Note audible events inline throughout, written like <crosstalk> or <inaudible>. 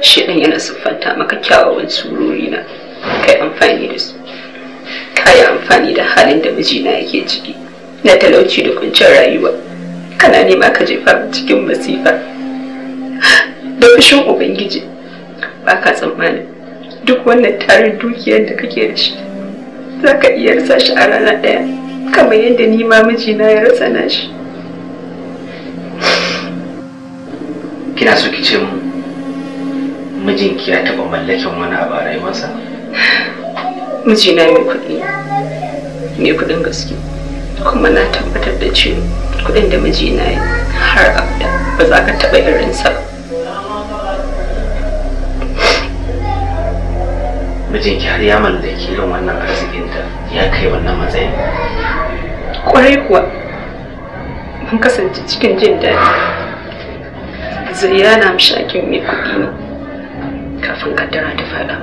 shi yana siffanta maka kyawawan surori na kai amfani da su yi amfani da halin da mijina yake ciki na talauci da kuncin rayuwa kana nema ka jefa cikin masifa da fushin ubangiji ba ka tsammani, duk wannan tarin dukiyar da kake da shi za ka iya rasa shi a rana ɗaya kamar yadda ni ma mijina ya rasa na shi kina so ki ce mu mijinki ya taɓa mallakin wani abu a rayuwarsa? mijina mai kuɗi mai kuɗin gaske kuma na tabbatar da cewa kuɗin da mijina ya har abada ba za ka taɓa irinsa ba mijinki har ya mallaki irin wannan arzikinta ya kai wannan matsayin kwarai kuwa mun kasance cikin jin daɗi zai yana mashakin mai kuɗi ne kafin kaddara ta faɗa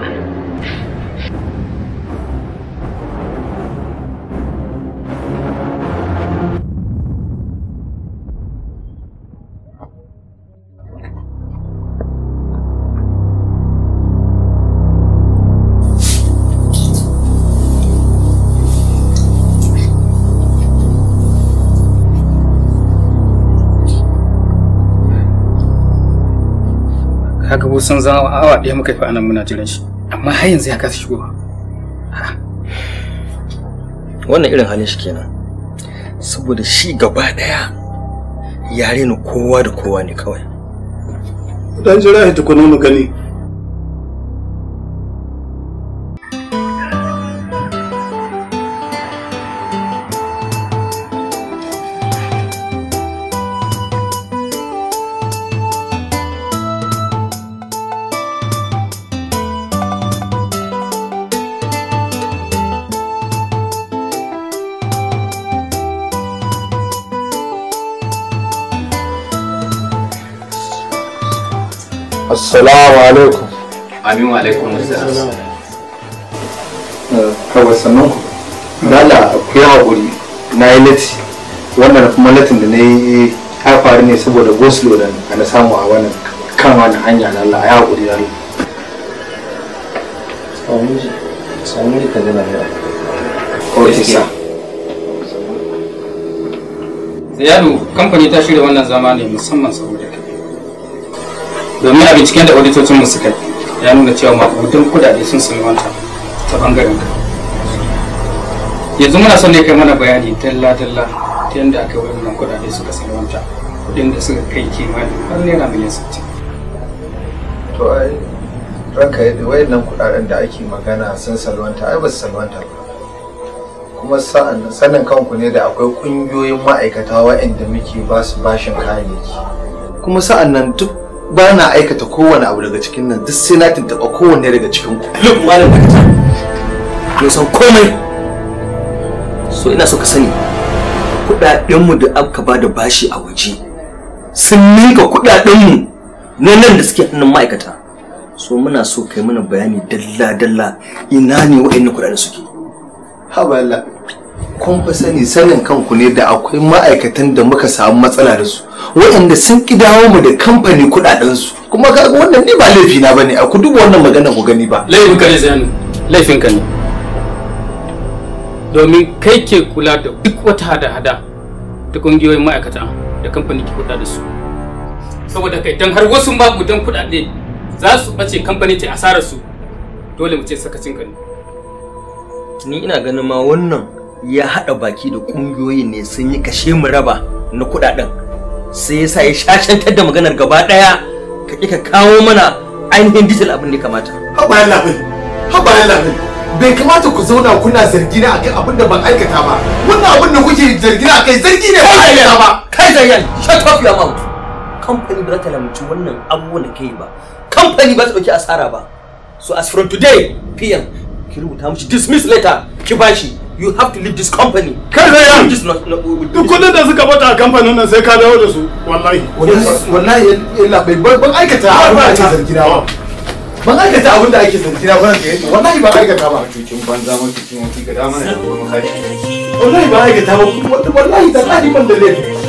ga kusan zama awa ɗaya muka fi anan muna jiran shi amma har yanzu ya kasa shigo. wannan irin halin shi kenan saboda shi gaba ɗaya yare ni kowa da kowa ne kawai dan jira ta tukuna mu gani Assalamu alaikum. Amin wa alaikum eh, Kawai sannan ku. Dala ku yi haƙuri na yi lati wannan kuma latin da na yi ta faru ne saboda goslo da na samu a wannan kan wani hanya na Allah ya haƙuri da Sanuri ka kamfani ta shirya wannan zama ne musamman saboda kai. domin a binciken da auditocin mu suka ya nuna cewa maƙudin kudade sun salwanta ta bangaren ka yanzu muna son ne kai mana bayani talla talla ta yadda aka yi wannan kudade suka salwanta kudin da suka kai kimanin har naira miliyan sittin. to ai ranka yadda wayannan kudaden da ake magana sun salwanta ai ba su salwanta ba kuma sanin kanku ne da akwai ƙungiyoyin ma'aikata waɗanda muke ba su bashin kayayyaki kuma sa'an nan duk ba na aikata kowane abu daga cikin nan duk sai na tuntuɓa kowanne daga cikin ku look malam da kace san komai so ina so ka sani kudaden mu da aka da bashi a waje sun ninka kudaden mu na nan da suke hannun ma'aikata so muna so kai mana bayani dalla dalla ina ne wa'annan kudaden suke ha ba kun fi sani sanin kanku ne da akwai ma'aikatan da muka samu matsala da su waɗanda sun ki dawo mu da kamfani kuɗaɗensu kuma ga wannan ne ba laifi na bane a ku duba wannan magana ku gani ba laifin ka ne zan laifin ka ne domin kai ke kula da duk wata hada-hada ta kungiyoyin ma'aikata da kamfani ke kuɗa da su saboda kai dan har wasu dan kuɗaɗe za su ɓace kamfani ce asarar su dole mu ce sakacin ka ne ni ina ganin ma wannan ya haɗa baki da ƙungiyoyin ne sun yi kashe mu raba na kuɗaɗen sai ya sa ya shashantar da maganar gaba ɗaya ka ka kawo mana ainihin dijital abin da kamata. Haɓayen labin, haɓayen labin, bai kamata ku zauna kuna zargi na akan abin da ban aikata ba. Wannan abin da kuke zargi na akai zargi ne ba aikata ba. Kai Zayyan, shut up your mouth. Kamfani ba za ta lamci wannan abubuwan da ka yi ba. Kamfani ba ta ɗauki asara ba. So as from today, PM, ki rubuta mishi dismiss letter ki bashi. you have to leave this company kai sai yan this not duk kudin da suka bata a kamfanin nan sai ka dawo da su wallahi wallahi yalla bai ban aikata abin da ake zargi na ba ban aikata abin da ake zargi na ba wallahi ba aikata ba cucin banza mutum ga dama ne wallahi ba aikata ba wallahi da tsari ban da laifi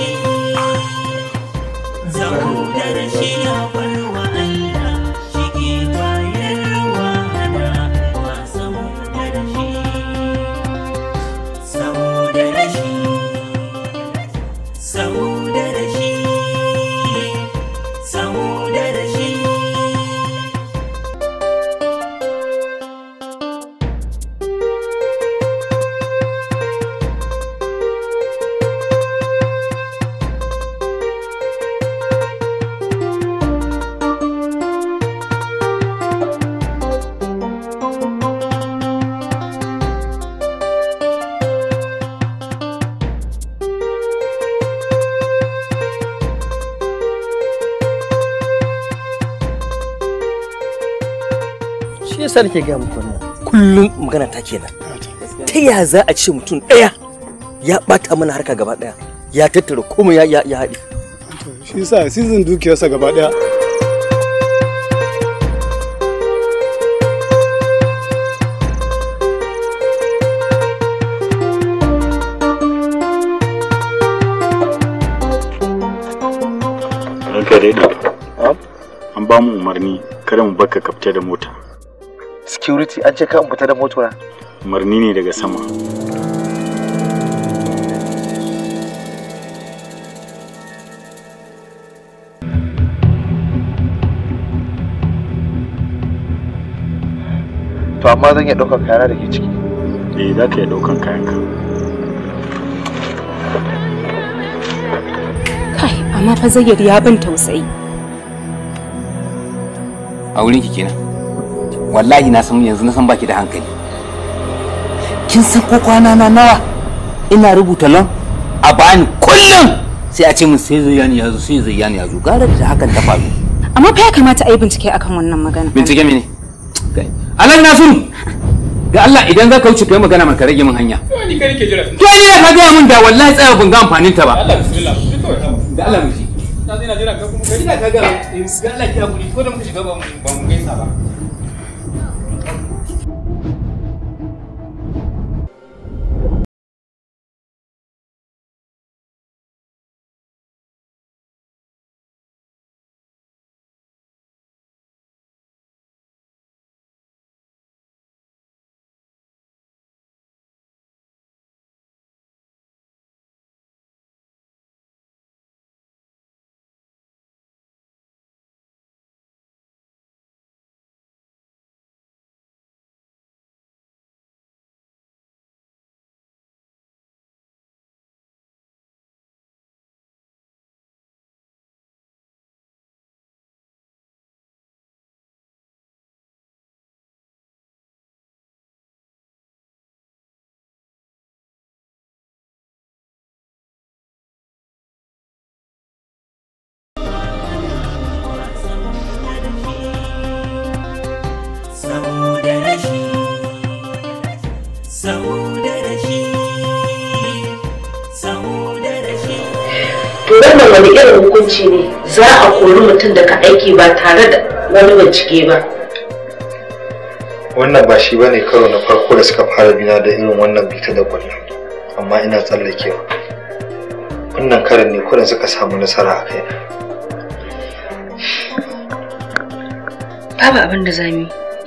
yasa nake ga muku wannan kullum magana ta nan ta ya za a ce mutum ɗaya ya ɓata mana harka gaba ɗaya ya tattara komai ya ya shi sa season dukiyarsa gaba ɗaya An ba mu umarni kada mu baka kafta da mota. security an ce kan fita da motora Marni ne daga sama to amma zan iya ɗaukar kayana da ke ciki eh za ka iya ɗaukar kayanka kai amma fa zayyar ya ban tausayi a wurin ki kenan wallahi na san yanzu na san baki da hankali kin san ko kwana na nawa ina rubuta lon a bani kullum sai a ce min sai zuyani yazo sai zuyani yazo zo gara da hakan ta faru amma fa ya kamata a yi bincike akan wannan magana bincike mene alan nasiru ga Allah idan za wuce kai magana maka rage min hanya to ni kai ke jira ni ka ga min da wallahi tsaya ban ga amfanin ta ba Allah bismillah da Allah na jira ka kuma ka ga Allah ko da muka shiga ba mu gaisa ba wani irin hukunci ne za a kori mutum da daga aiki ba tare da wani bincike ba wannan ba shi ba ne karo na farko da suka fara bina da irin wannan bita da kullum amma ina tsallakewa wannan karin ne kurin suka samu nasara a kaina babu abin da za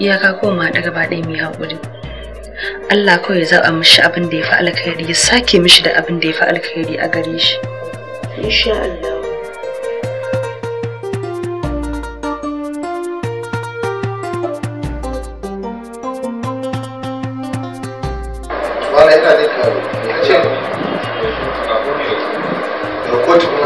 iyaka ko ma daga ba ɗaya mai haƙuri Allah kawai ya zaɓa mishi abin da ya fi alkhairi ya sake mishi da abin da ya fi alkhairi a gare shi insha Allah Kotu kuma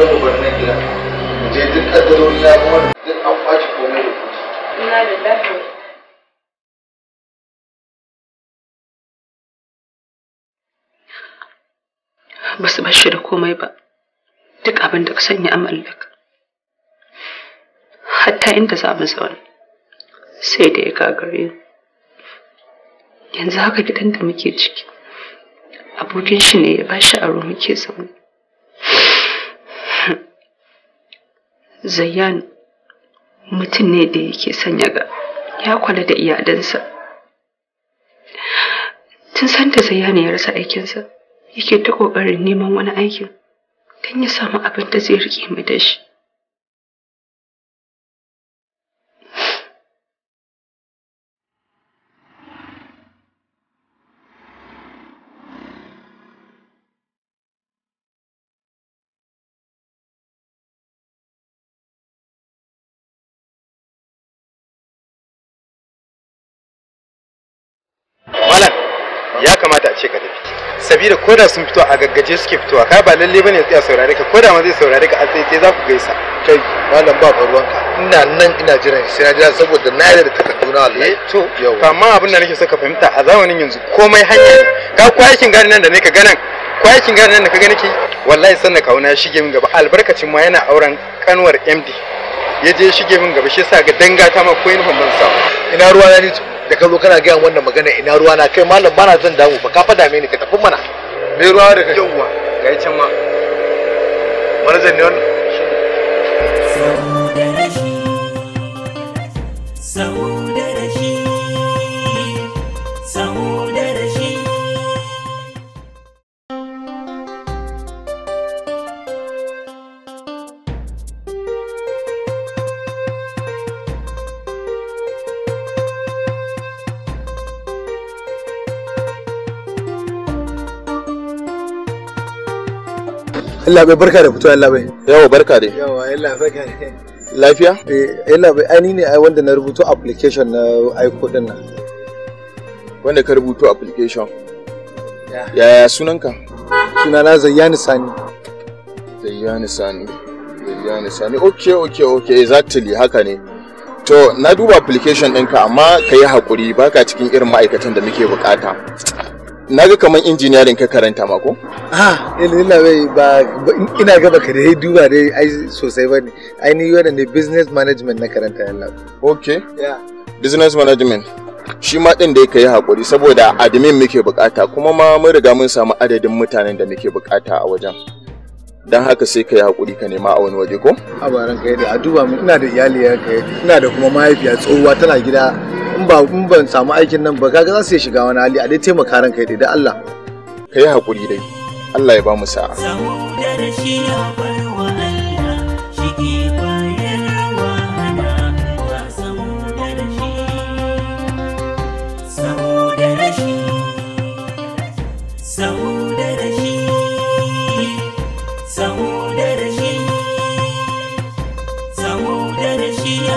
zo mu bar nan gida mu je duk kaddarori na kuma duk an kwashi komai da kuɗi ina da lafiya ba su bashi da komai ba duk abin da ka sanya an mallaka hatta inda za mu zauna sai da ya gagare mu yanzu haka gidan da muke ciki abokin shi ne ya bashi aro muke zaune Zayyan mutum ne da yake sanya ga ya kula da iyalansa. Tun san da Zayyan ya rasa aikinsa, yake ta ƙoƙarin neman wani aikin don ya samu abin da zai riƙe mai da shi. ko da sun fito a gaggaje suke fitowa ka ba lalle bane ya saurare ka ko da ma zai saurare ka a tsaye za ku gaisa kai malam ba ruwanka ina nan ina jiran sai na jira saboda na yarda da takarduna wallahi eh, to amma abin da nake so ka fahimta a zamanin yanzu komai hanya ne ka ko aikin gari nan da ne ka ganan ko aikin gari nan da ka ga nake wallahi sanna kauna ya shige min gaba albarkacin ma yana auren kanwar MD ya je shige min gaba shi yasa ga danga ta ma ko yin ban sa ina ruwa na ni da ka zo kana gaya wannan magana ina ruwa na kai malam bana zan damu ba ka fada mini ka tafi mana mai ruwa da kai yawwa ga yi can ma manajan ne wannan Allah bai barka da fitowa Allah bai. Yawa barka dai. Yawa Allah barka dai. Lafiya? Eh Allah bai ani ne ai wanda na rubuto application na aiko din nan. Wanda ka rubuto application? Yaya sunanka? Sunana Zayyani Sani. Zayyani Sani. Zayyani Sani. Okay okay okay exactly haka ne. To na duba application ɗinka amma ka yi haƙuri baka cikin irin ma'aikatan da muke buƙata. na ga kamar injiniyarin ka karanta ma ko? Ah, bai ba ina gaba ka dai duba dai ai sosai ba ne. Ai ni wannan ne business management na karanta yalla. Okay. Business management. Shi ma din da yake yi hakuri saboda admin muke bukata kuma ma mun riga mun samu adadin mutanen da muke bukata a wajen. don haka sai ka yi haƙuri ka nema a wani waje ko? a baran ka yadda a duba min ina da iyali ya ka yadda ina da kuma mahaifiya tsohuwa tana gida in ba in ban samu aikin nan ba kaga za su iya shiga wani hali a dai taimaka ran ka yadda da Allah ka yi haƙuri dai Allah ya ba mu sa'a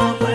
over.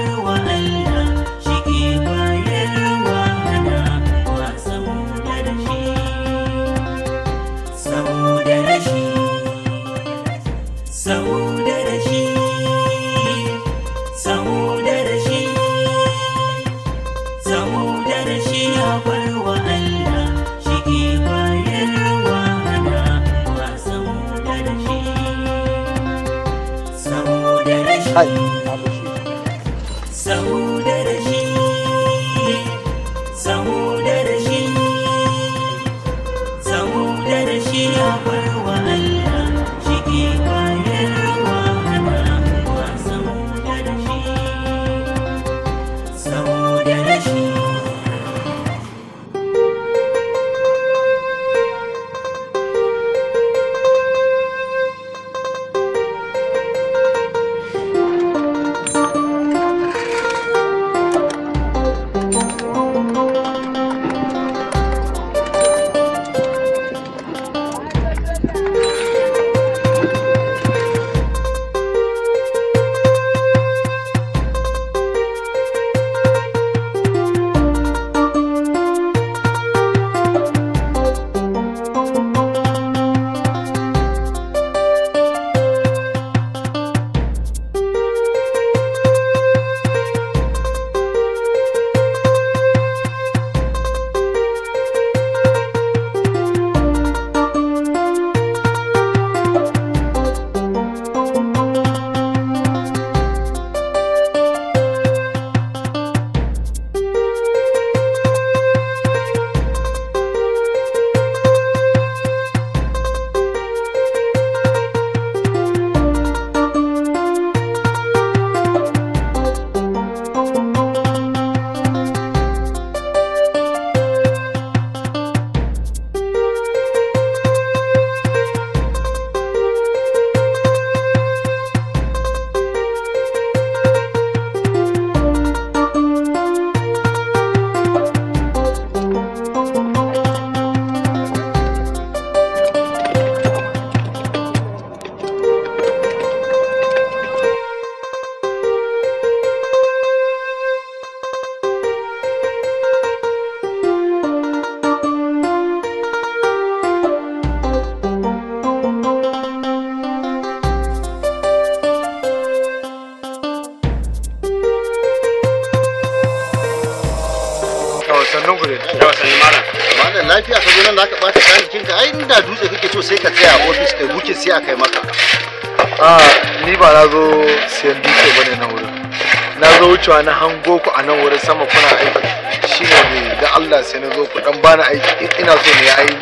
na hango ku a nan wurin sama kuna aiki shi ne da Allah sai na zo ku dan bani aiki ina so ne ya yi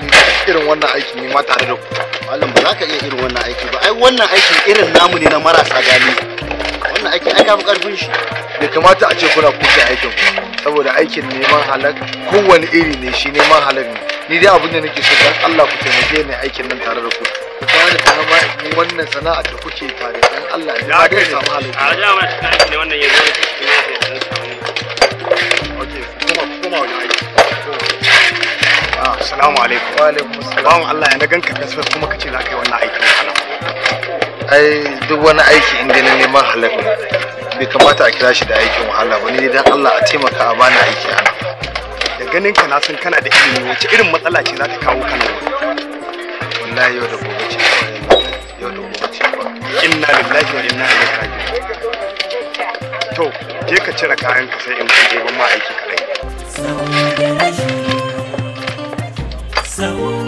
irin wannan aiki ne ma tare da ku malam ba za ka iya irin wannan aiki ba ai wannan aiki irin namu ne na marasa gani wannan aiki ai kafa karfin shi bai kamata a ce kuna kuke aikin ku saboda aikin neman halak kowane iri ne shi neman halak ne ni dai abin da nake so dan Allah ku taimake ni aikin nan tare da ku bani ta in yi wannan sana'a da kuke tare don Allah ya ga samu halaci a ja mai shi ne wannan yanzu ne sai samu Oke, kuma kuma wani aiki assalamu alaikum wa alaikum assalam Allah ya nagan ganka fesfes kuma ka ce za ka yi wannan aikin sana ai duk wani aiki in na neman halal bai kamata a kira shi da aikin wahala ba ne dan Allah a taimaka a bani aiki ana da ganin ka na san kana da ilimi wace irin matsala ce za ta kawo kana wani wallahi yau da gobe ce ba inna lillahi wa inna ilaihi raji'un to je ka cire kayan ka sai in je ban ma aiki kadai sau da rashi sau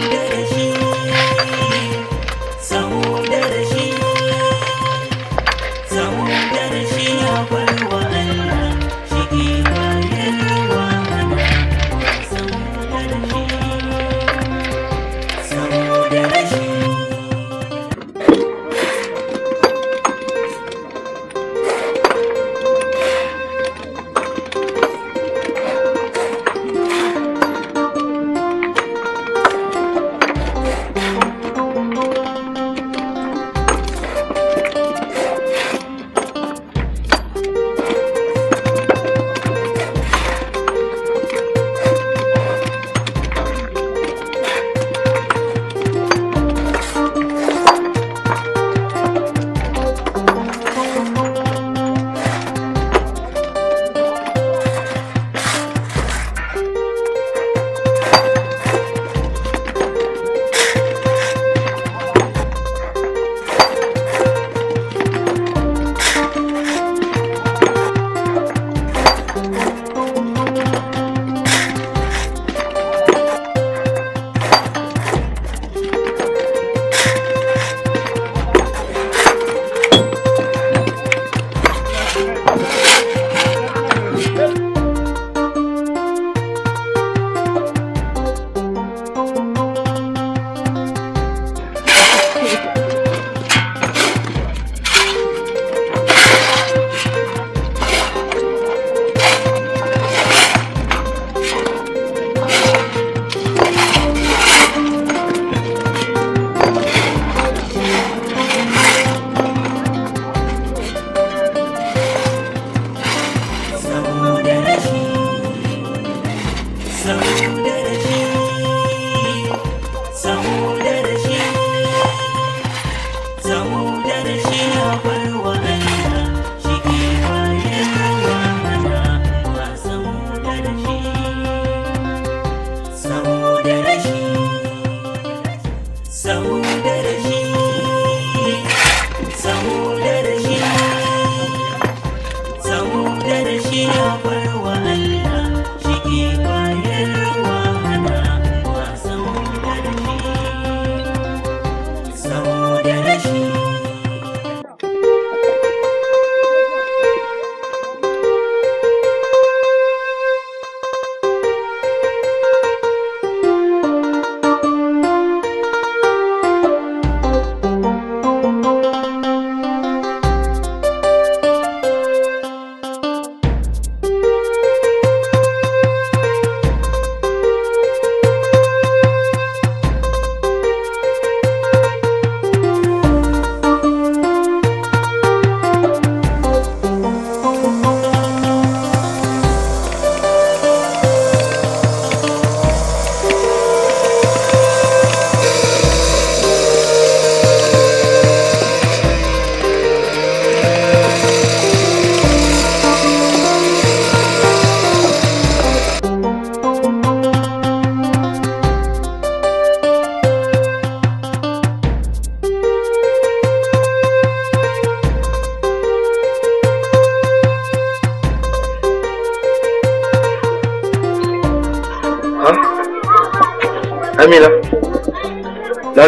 the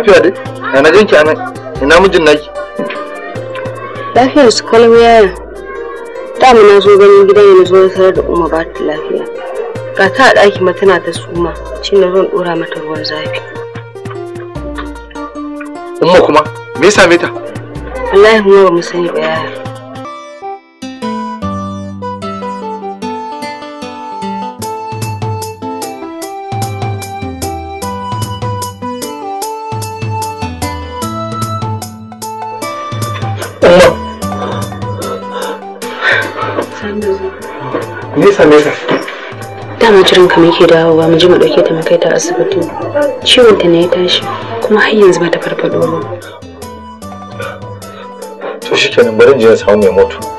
lafiya dai a na ganki a nan ina mijin naki lafiya su kalmi yayin dama na zo ganin gidan yana zo sanar da umar ba ta lafiya ga ta a ɗaki ma tana ta suma shi na zan ɗora mata ruwan zafi umma kuma me ya same ta wallahi mu ba mu sani ba yaya da ka dama jirin ka muke dawowa mu je mu dauke ta mu kai ta asibiti ciwon ta ne ya tashi kuma har yanzu ba ta farfado ba to shikenan bari in je samu mai moto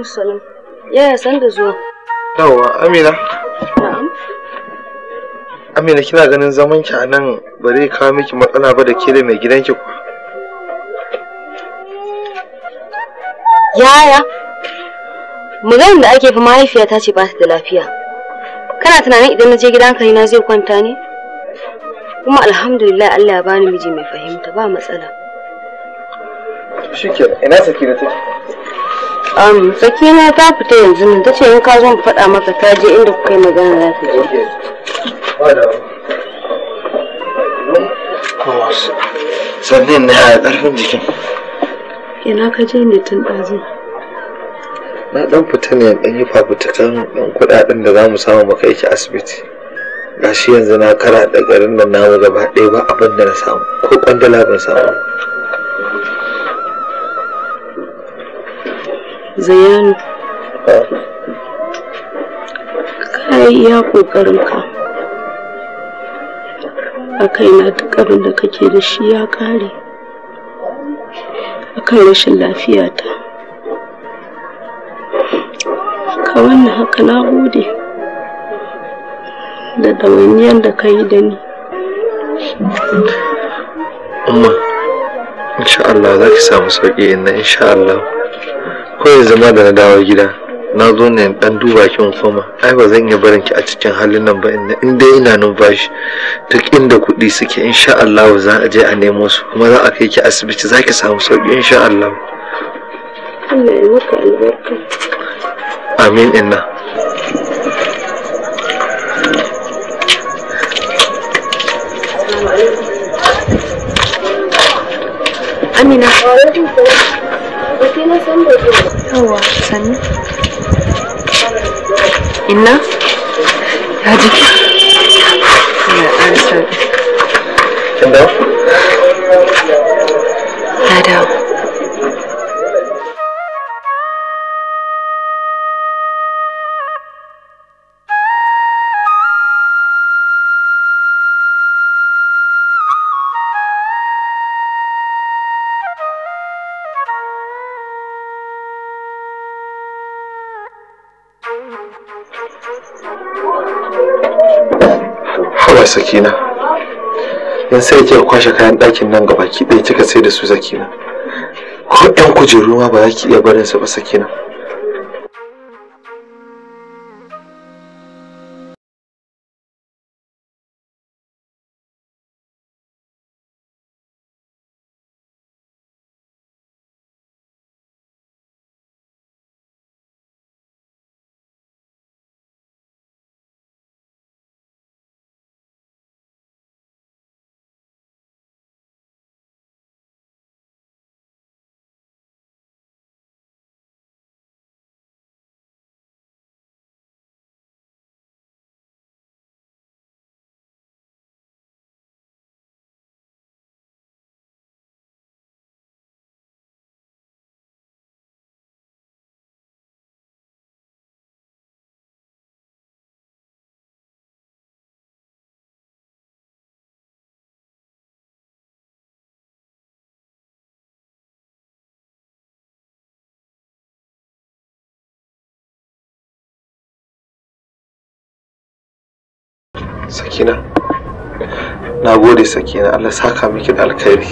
alaikum salam. Yaya san da zuwa. yawa Amina. Na'am. Amina kina ganin zaman ki a nan ba zai kawo miki matsala ba da ke da mai gidanki ki? Yaya. Maganin da ake fi mahaifiyata ce ba ta da lafiya. Kana tunanin idan na je gidan kai na zai kwanta ne? Kuma alhamdulillah Allah ya bani miji mai fahimta ba matsala. Shikenan ina da take? um, sakina ta fita yanzu nan ta ce in ka zo mu faɗa maka ta je inda kuka yi magana za ta je sannan na ya ƙarfin jikin ina ka je ne tun ɗazu na ɗan fita ne ɗan yi fafutukan ɗan kuɗaɗen da za mu samu maka yake asibiti gashi yanzu na kara da garin da namu gaba ɗaya ba abin da na samu ko ƙwandala ban samu Zayanu. Ka yi iya ƙoƙarinka. A kaina duk abin da kake da shi ya ƙare. A kan rashin lafiyata. Ka wannan haka na gode. Da dawainiyar da ka yi da ni. Amma, insha Allah za ki samu sauƙi inna insha Allah. kawai zama da na dawo gida na zo ne dan duba ki in koma ai ba zan iya barin ki a cikin halin nan ba in dai ina numfashi duk inda kuɗi suke insha Allah za a je a nemo su kuma za a kai ki asibiti za ki samu sauki insha Allah amin inna Amina. baki san yawa sani inna ya jiki ya an san kin dawo sakina yan sai kika kwashe kayan ɗakin nan gaba ki ɗaya kika sai da su sakina ko ɗan kujeru ma ba za ki iya barin su ba sakina sakina na gode sakina allah saka miki da alkhairi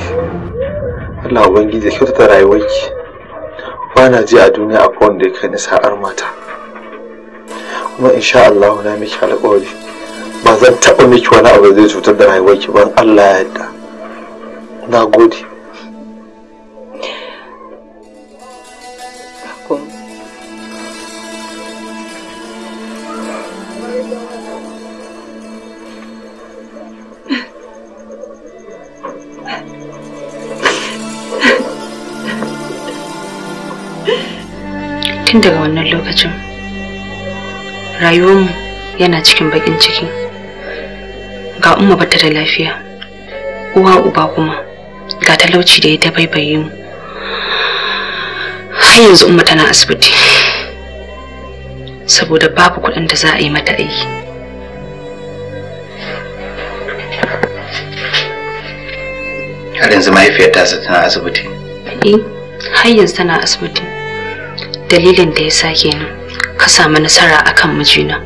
allah ubangiji ya da rayuwarki ba na ji a duniya akwai wanda ya kai ni sa'ar mata kuma insha allah na miki alkawari ba zan taɓa miki wani abu da zai cutar da rayuwarki ban allah ya yarda na gode tun daga wannan lokacin rayuwarmu yana cikin baƙin ciki ga umma ba ta da lafiya uwa uba kuma ga talauci da ya baibaye mu har yanzu umma tana asibiti saboda babu kuɗin da za a yi mata aiki har yanzu mahaifiyar tasa tana asibiti? Eh, har yanzu tana asibiti. dalilin da ya sake ni ka samu nasara akan mijina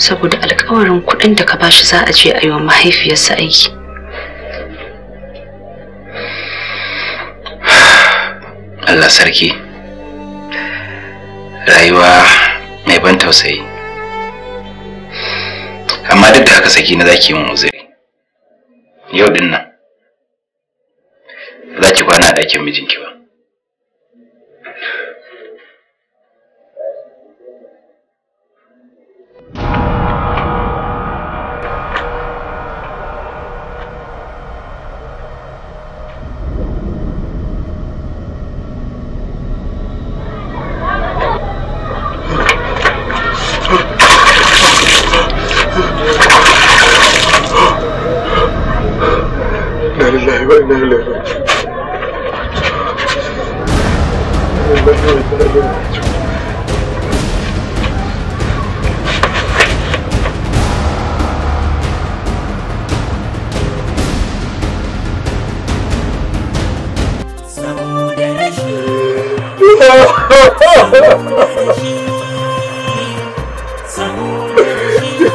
saboda alkawarin kuɗin da ka bashi za a je a yi wa mahaifiyarsa aiki <sighs> Allah sarki rayuwa mai ban tausayi amma duk da haka saki na zaki mun uzuri yau din nan za ki kwana a ɗakin mijinki ba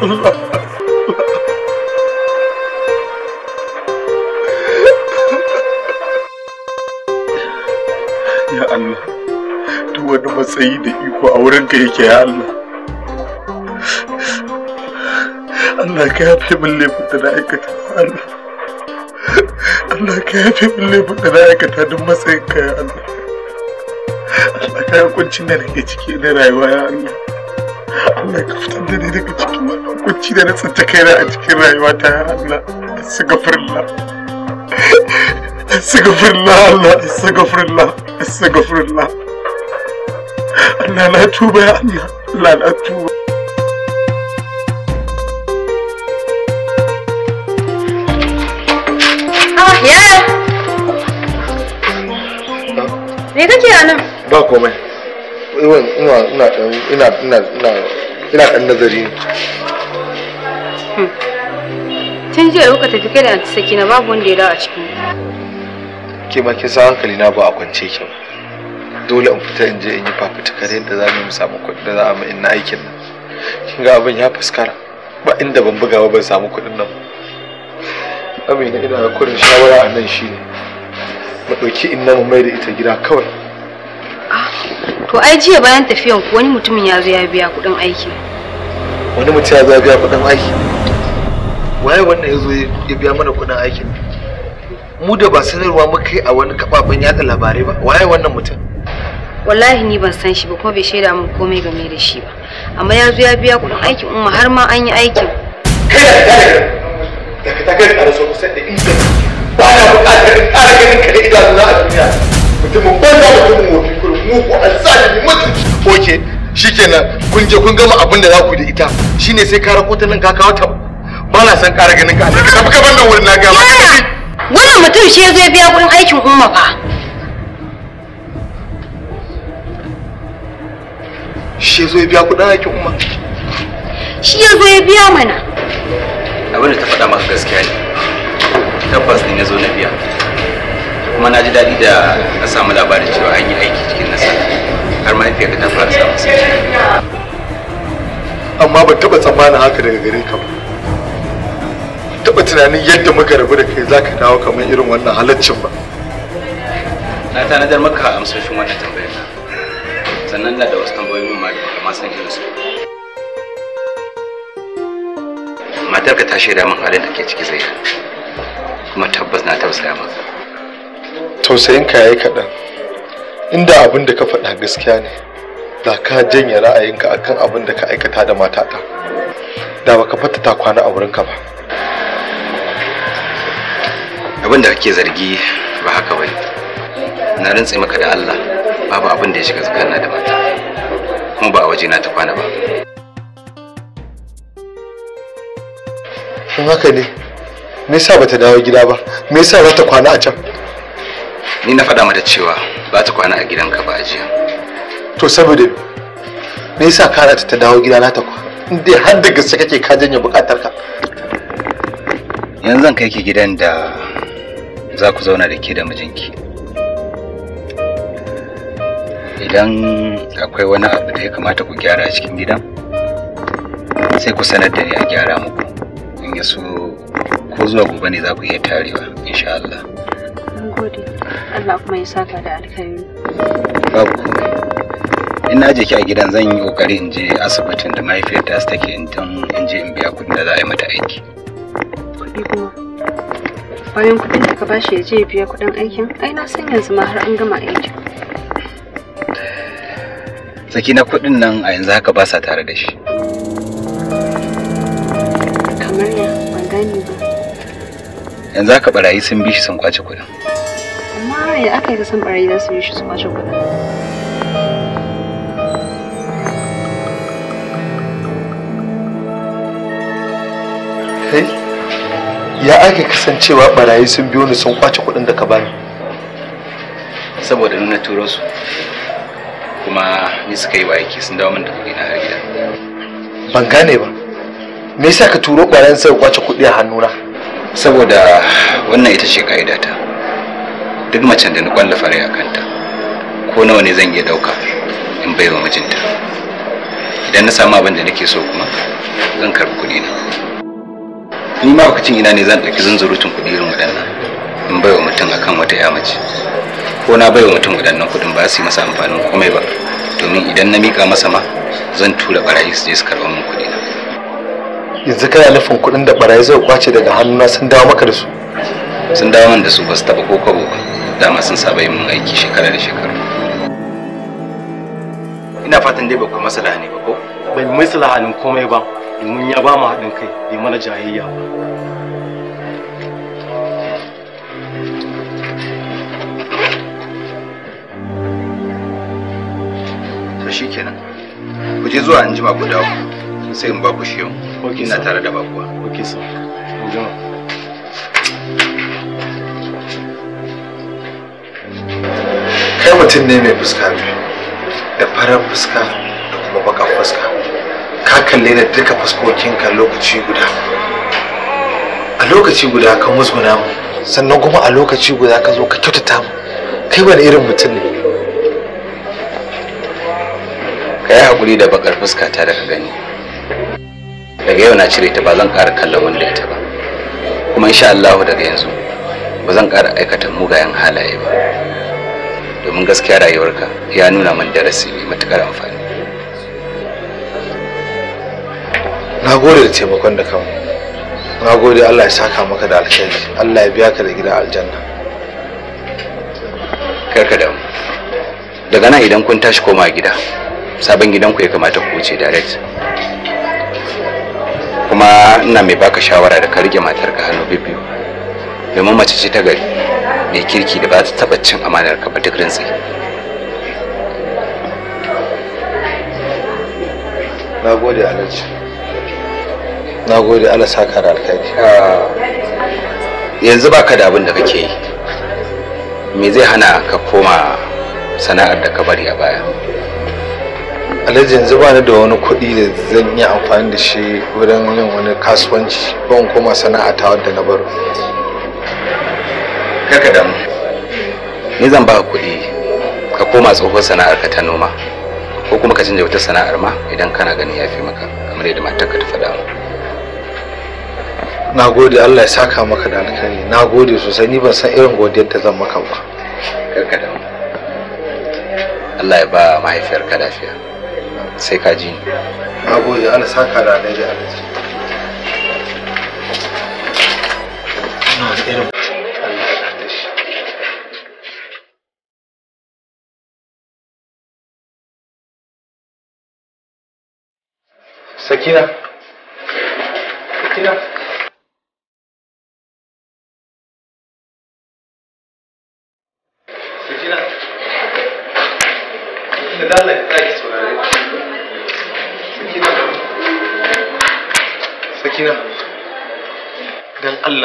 ya Allah duk wani matsayi da iko a wurinka yake ya Allah Allah ka yafe min laifin da na aikata Allah Allah ka yafe min laifin da na aikata duk matsayin ka ya Allah Allah ka yi kuncin da nake ciki na rayuwa ya Allah Allah ka fitar da ni daga cikin kunci da na tsinta kaina a cikin rayuwa ta ya Allah astaghfirullah astaghfirullah Allah astaghfirullah astaghfirullah Allah na tuba ya Allah Allah na tuba ah, Me kake a nan? Ba komai. Ina ina ina ina ina ina nazari ne. Hmm. Tun jiya da kuka tafi kai da anti sakina babu wanda ya dawo a cikin ke ma kin san hankali na ba a kwance ki ba. Dole in fita in je in yi fafutukar yadda za mu samu kuɗi da za mu inna aikin nan. Kin ga abin ya fuskara. Ba inda ban buga ba ban samu kuɗin nan. Amina ina da kurin shawara a nan shine. Mu ɗauki inna mu mai da ita gida kawai. Ah, to ai jiya bayan tafiyan ku wani mutumin ya zo ya biya kuɗin aiki. Wani mutum ya zo ya biya kuɗin aiki. waye wannan ya zo ya biya mana kudin aikin mu da ba sanarwa muka yi a wani kafafen yada labarai ba waye wannan mutum wallahi ni ban san shi ba kuma bai shaida mun komai game da shi ba amma ya zo ya biya kudin aikin umma har ma an yi aikin kai da ka kai da so kusan da inda ba na bukatar in ƙara ganin ka da idanu na a duniya mutumin banza mutumin wofi kurin mugu alzalimi mutunci oke shikenan kun je kun gama abin da za ku da ita shine sai ka rako ta nan ka kawo ta ba na san ƙara ganin ka a ka tafi gaban nan wurin na gaya maka wannan mutum shi ya zo ya biya kuɗin aikin umma fa shi ya zo ya biya kuɗin aikin umma shi ya zo ya biya mana abin da ta faɗa maka gaskiya ne tabbas ne ya zo na biya kuma na ji daɗi da na samu labarin cewa an yi aiki cikin nasara har mahaifiyarka ta fara samun amma ban taɓa tsammanin haka daga gare ka ba taɓa tunanin yadda muka rabu da kai zaka dawo kamar irin wannan halaccin ba na tanadar maka amsoshin wannan tambayar na sannan na da wasu tambayoyin ma da ma san irin su matarka ta shaida min halin da ke ciki zai kuma tabbas na tausaya maka tausayin ka yayi kaɗan inda abin da ka faɗa gaskiya ne da ka janye ra'ayinka akan abin da ka aikata da matata da baka fatata kwana a wurinka ba abin da kake zargi ba haka bane na rantse maka da Allah babu abin da ya shiga tsakanina da mata kuma ba a waje na ta kwana ba in haka ne me yasa bata dawo gida ba me yasa za ta kwana a can ni na faɗa mata cewa ba ta kwana a gidanka ba ajiya to saboda me yasa kara ta dawo gida na ta kwana Inda har da gaske kake ka janye bukatarka ka yanzu zan kai ki gidan da za ku zauna da ke da mijinki idan akwai wani abu da ya kamata ku gyara a cikin gidan sai ku sanar da ni a gyara muku in ya so ko zuwa gobe ne za ku iya tarewa insha Allah Allah kuma ya saka da alkhairi babu je ki a gidan zan yi kokari in je asibitin da mahaifiyar ta take in je in biya kudin da za a yi mata aiki kuɗi kuma bayan kuɗin da ka bashi ya je ya biya kuɗin aikin ai na san yanzu ma har an gama aikin tsaki na kuɗin nan a yanzu haka ba sa tare da shi kamar ya ban gani ba yanzu haka barayi sun bi shi sun kwace kuɗin amma ya aka yi ka san barayi za su bi shi sun kwace kuɗin ya ake kasancewa barayi sun biyo ni sun kwace kuɗin da ka bani saboda nuna turo su kuma ni suka yi wa aiki sun dawo min da kuɗi na ban gane ba me yasa ka turo barayin sai kwace kuɗi a hannuna saboda wannan ita ce ka'ida ta duk macen da na kwalla fare a kanta ko nawa ne zan iya dauka in baiwa mijinta idan na samu abin da nake so kuma zan karbi kuɗi na ni ma baka cin ina ne zan ɗauki zunzurutun kuɗi irin waɗannan in bai wa mutum akan wata ya mace ko na bai wa mutum waɗannan kuɗin ba su yi masa amfanin komai ba domin idan na miƙa masa ma zan tura barayi su je su karɓar min kuɗi na yanzu kana nufin kuɗin da barayi zai kwace daga hannuna sun dawo maka da su sun dawo min da su ba su taɓa ko kwabo ba dama sun saba yin min aiki shekara da shekara ina fatan dai ba ku masalaha ne ba ko bai masala halin komai ba mun ya ba mu haɗin kai bai mana jayayya ba to shi kenan ku je zuwa an jima ku dawo sai in ba ku shi yau ina tare da bakuwa okay sir in jima kai mutum ne mai fuska biyu da farar fuska da kuma baka fuska ka kalle da duka fuskokinka lokaci guda a lokaci guda ka musguna mu sannan kuma a lokaci guda ka zo ka kyautata mu kai wani irin mutum ne ka yi haƙuri da bakar fuskata da ka gani daga yau na cire ta ba zan ƙara kallon wanda ita ba kuma insha Allah daga yanzu ba zan ƙara aikata mugayen halaye ba domin gaskiya rayuwarka ya nuna min darasi mai matuƙar amfani na gode da taimakon da kawai na gode allah ya saka maka da alkhairi allah ya biya ka da gidan aljanna karka da daga nan idan kun tashi koma gida sabon gidanku ya kamata ku wuce direct kuma ina mai baka shawara da ka rike ka hannu biyu domin mace ce ta gari mai kirki da ba ta taba cin amanar ka ba duk rintsi na gode alhaji na gode ala saka da alkhairi yanzu baka da abin da kake yi me zai hana ka koma sana'ar da ka bari a baya alhaji yanzu ba ni da wani kuɗi da zan yi amfani da shi wurin yin wani kasuwanci ban koma sana'a ta wadda na baro kaka damu ni zan ba kuɗi ka koma tsohon sana'ar ka ta noma ko kuma ka canza wata sana'ar ma idan kana gani ya fi maka kamar yadda matarka ta faɗa mu na gode allah ya saka maka da alkhairi na gode sosai ni ban san irin godiyar da zan maka ba karkada allah ya ba mahaifiyar ka lafiya sai ka ji na gode allah saka da alkhairi Sakina. Sakina.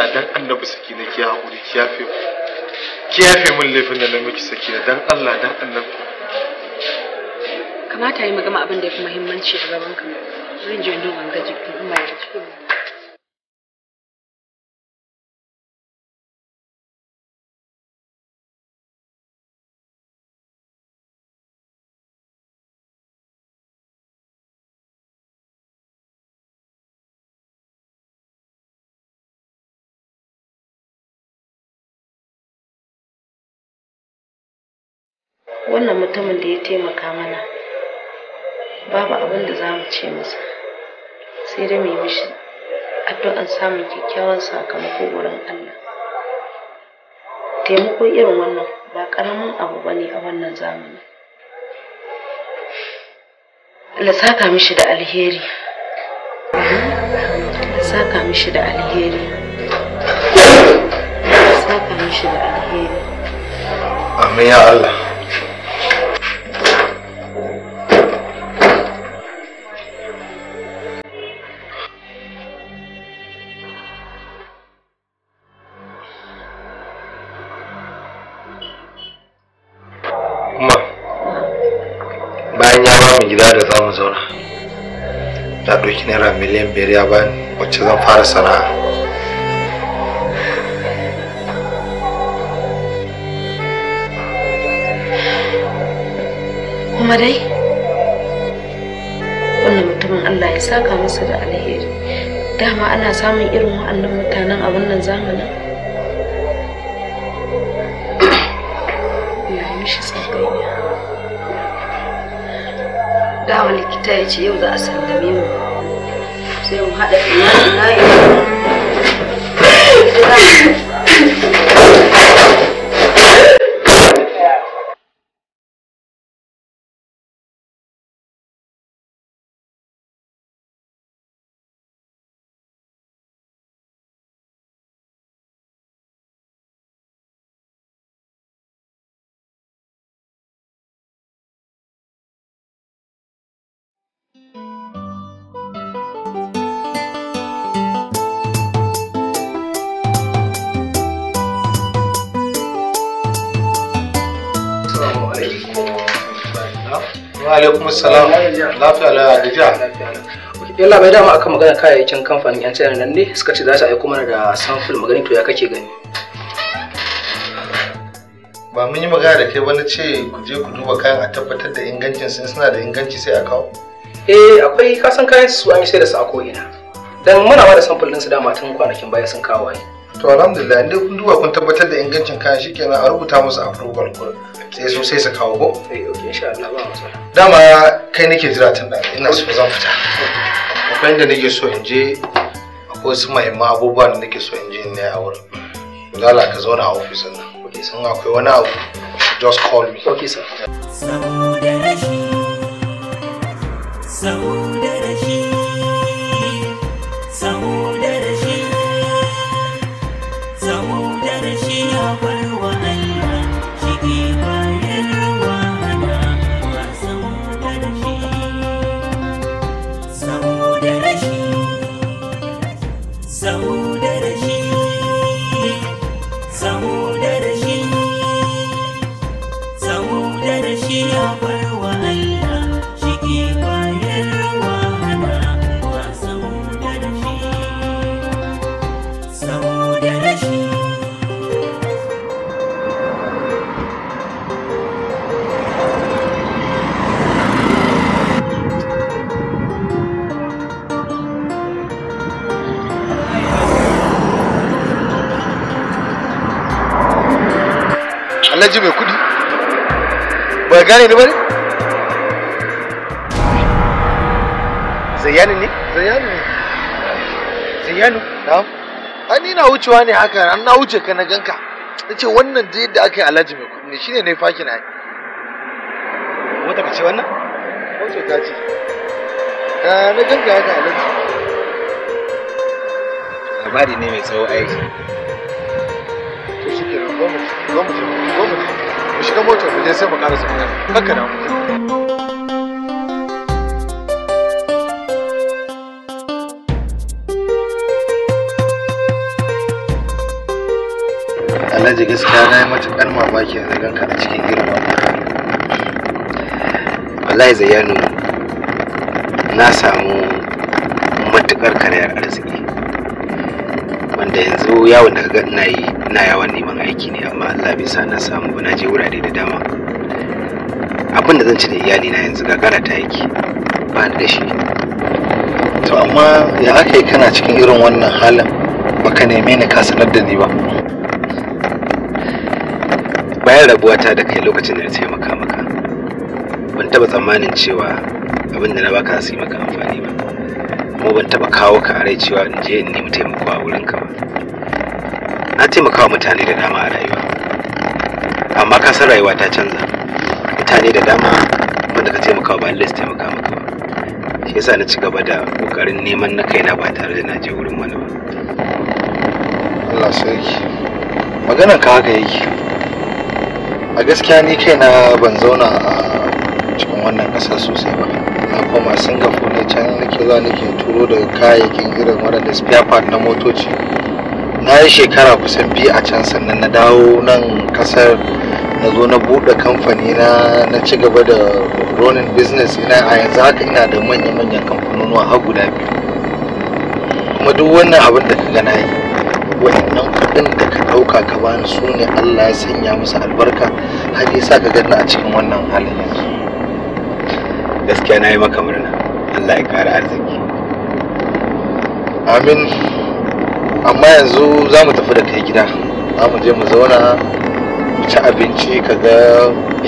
Allah dan annabi saki na ki haƙuri ki yafe ki yafe min laifin da na miki saki na dan Allah dan annabi kamata yi magana abin da ya fi muhimmanci a gaban ka rinjin dogon gaji kuma ba ya cikin wannan mutumin da ya taimaka mana babu abin da za mu ce masa sai dai mu yi mishi addu'an samun kyakkyawan sakamako wurin Allah taimako irin wannan ba ƙaramin abu ba ne a wannan zamani lasaka mishi da alheri saka mishi da alheri saka mishi da alheri amin ya Allah ɗauki naira miliyan biyar ya bani wacce zan fara sana'a kuma dai wannan mutumin allah ya saka masa da alheri dama ana samun irin wa'annan mutanen a wannan zamanin da likita ya ce yau za a sallame mu Bukan dari mana ya. alaikum salam lafiya la tafiya yalla bai dama akan magana kayayyakin kamfanin yan china nan ne suka ce za su aiko mana da samfur magani to ya kake gani ba mun yi magana da kai wani ce ku je ku duba kayan a tabbatar da ingancin sun suna da inganci sai a kawo eh akwai kasan kayan su an yi sai da su a ko'ina dan muna ba da samfur din su dama tun kwanakin baya sun kawo ne to alhamdulillah inda kun duba kun tabbatar da ingancin kayan kenan a rubuta musu approval kurin sai su sai su kawo ko eh okay insha Allah ba matsala dama kai nake jira tun da ina so zan fita akwai inda nake so in je akwai wasu mahimman abubuwa da nake so in je ne a wurin lala ka zauna a ofisin nan okay sun akwai wani abu just call me okay sir yeah. na mai kudi ba gane ni ba ne zayyanu ne zayyanu ne zayyanu na an ni na wucewa ne haka an na wuce ka na ganka na ce wannan da yadda aka yi alhaji mai kudi ne shine ne faki na yi wata ka ce wannan wato ta ce na ganka haka alhaji labari ne mai tsawo aiki zo mu zo mu zo mu mu shiga motar mu je Alhaji gaskiya na yi matuƙar mamaki da ganka a cikin girma wallahi zayyano na samu matuƙar karyar arziki da yanzu yawon da ina yi ina yawon neman aiki ne amma Allah bai sa na samu ba na je wurare da dama abin da zan ci da iyali na yanzu gagara ta yake ba da shi to amma ya aka yi kana cikin irin wannan halin baka neme ni ka sanar da ni ba bayan rabuwata da kai lokacin da na taimaka maka ban taba tsammanin cewa abin da na baka su yi maka amfani ba kuma ban taba kawo ka rai cewa in je in nemi taimako a wurin ka na taimaka wa mutane da dama a rayuwa amma ka san rayuwa ta canza mutane da dama wanda ka taimaka ba lallai su taimaka maka ba shi yasa na ci gaba da kokarin neman na kaina ba tare da naje wurin wani ba Allah sarki maganar ka haka yake a gaskiya ni kaina ban zauna a cikin wannan ƙasa sosai ba na koma singapore ne can nake zuwa nake turo da kayayyakin irin waɗanda spare part na motoci na yi shekara kusan biyu a can sannan na dawo nan kasar na zo na buɗe kamfani na na ci gaba da running business ina a yanzu haka ina da manya-manyan kamfanonuwa har guda biyu kuma duk wannan abin da ka gana yi wannan kuɗin da ka ɗauka ka bani su ne allah ya sanya musu albarka har ya sa ka gana a cikin wannan halin yanzu gaskiya na yi maka murna allah ya ƙara arziki amin amma yanzu za mu tafi da kai gida za mu je mu zauna mu ci abinci ka ga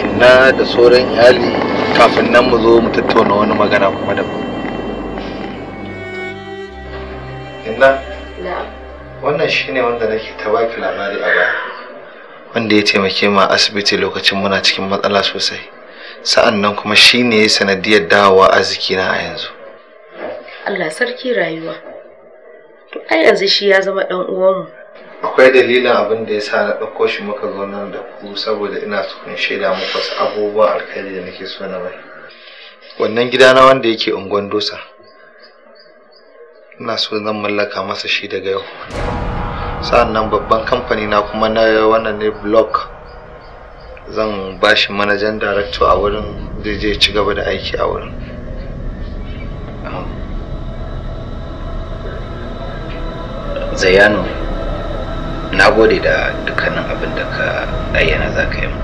inna da sauran iyali kafin nan mu zo mu tattauna wani magana kuma da inna wannan shi ne wanda nake ta baki labari a baya wanda ya taimake mu a asibiti lokacin muna cikin matsala sosai sa'an nan kuma shi ne sanadiyar dawowa arziki na a yanzu Allah sarki rayuwa to ai yanzu shi ya zama dan uwanmu akwai dalilin abin da ya sa na ɗauko shi muka zaunar da ku saboda ina so in shaida muku wasu abubuwa alkhairi da nake so na mai wannan gida na wanda yake unguwan dosa ina so zan mallaka masa shi daga yau nan babban kamfani na kuma na wannan ne block zan ba shi manajan director a wurin zai je ci gaba da aiki a wurin zayano na gode da dukkanin abin da ka ayyana za ka yi mu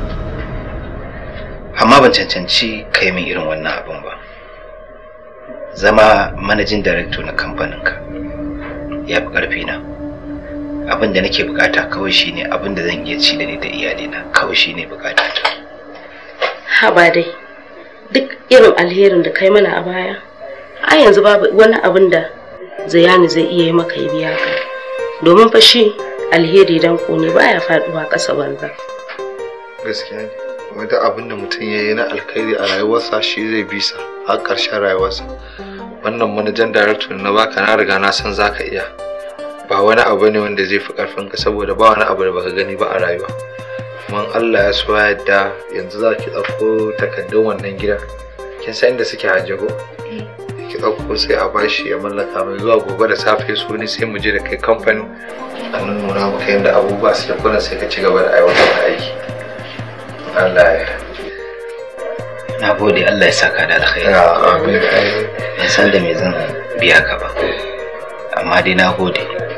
amma ban cancanci kai min irin wannan abin ba zama manajin director na kamfaninka ya fi ƙarfi na abin da nake bukata kawai shine abin da zan iya ci da ni da iyalina kawai shine bukata ta haba dai duk irin alherin da kai mana a baya a yanzu babu wani abin da zayani zai iya yi maka biya ka domin fa shi alheri dan ne baya faduwa ƙasa banza gaskiya ne kuma duk abin da mutum ya yi na alkhairi a rayuwarsa shi zai bisa, har ƙarshen rayuwarsa wannan manajan director na baka na riga na san zaka iya ba wani abu ne wanda zai fi karfin ka saboda ba wani abu da baka gani ba a rayuwa kuma Allah ya so yadda yanzu za ki ɗauko takardun wannan gida. kin san inda suke hajjago mm. ki ɗauko sai a bashi ya mallaka mai zuwa gobe da safe su ni sai mu je da kai kamfani a nuna maka yadda abubuwa su kuna sai ka ci gaba da aiwatar da aiki Allah ya na gode Allah ya saka da alkhairi amin ban san da me zan biya ka ba amma dai na gode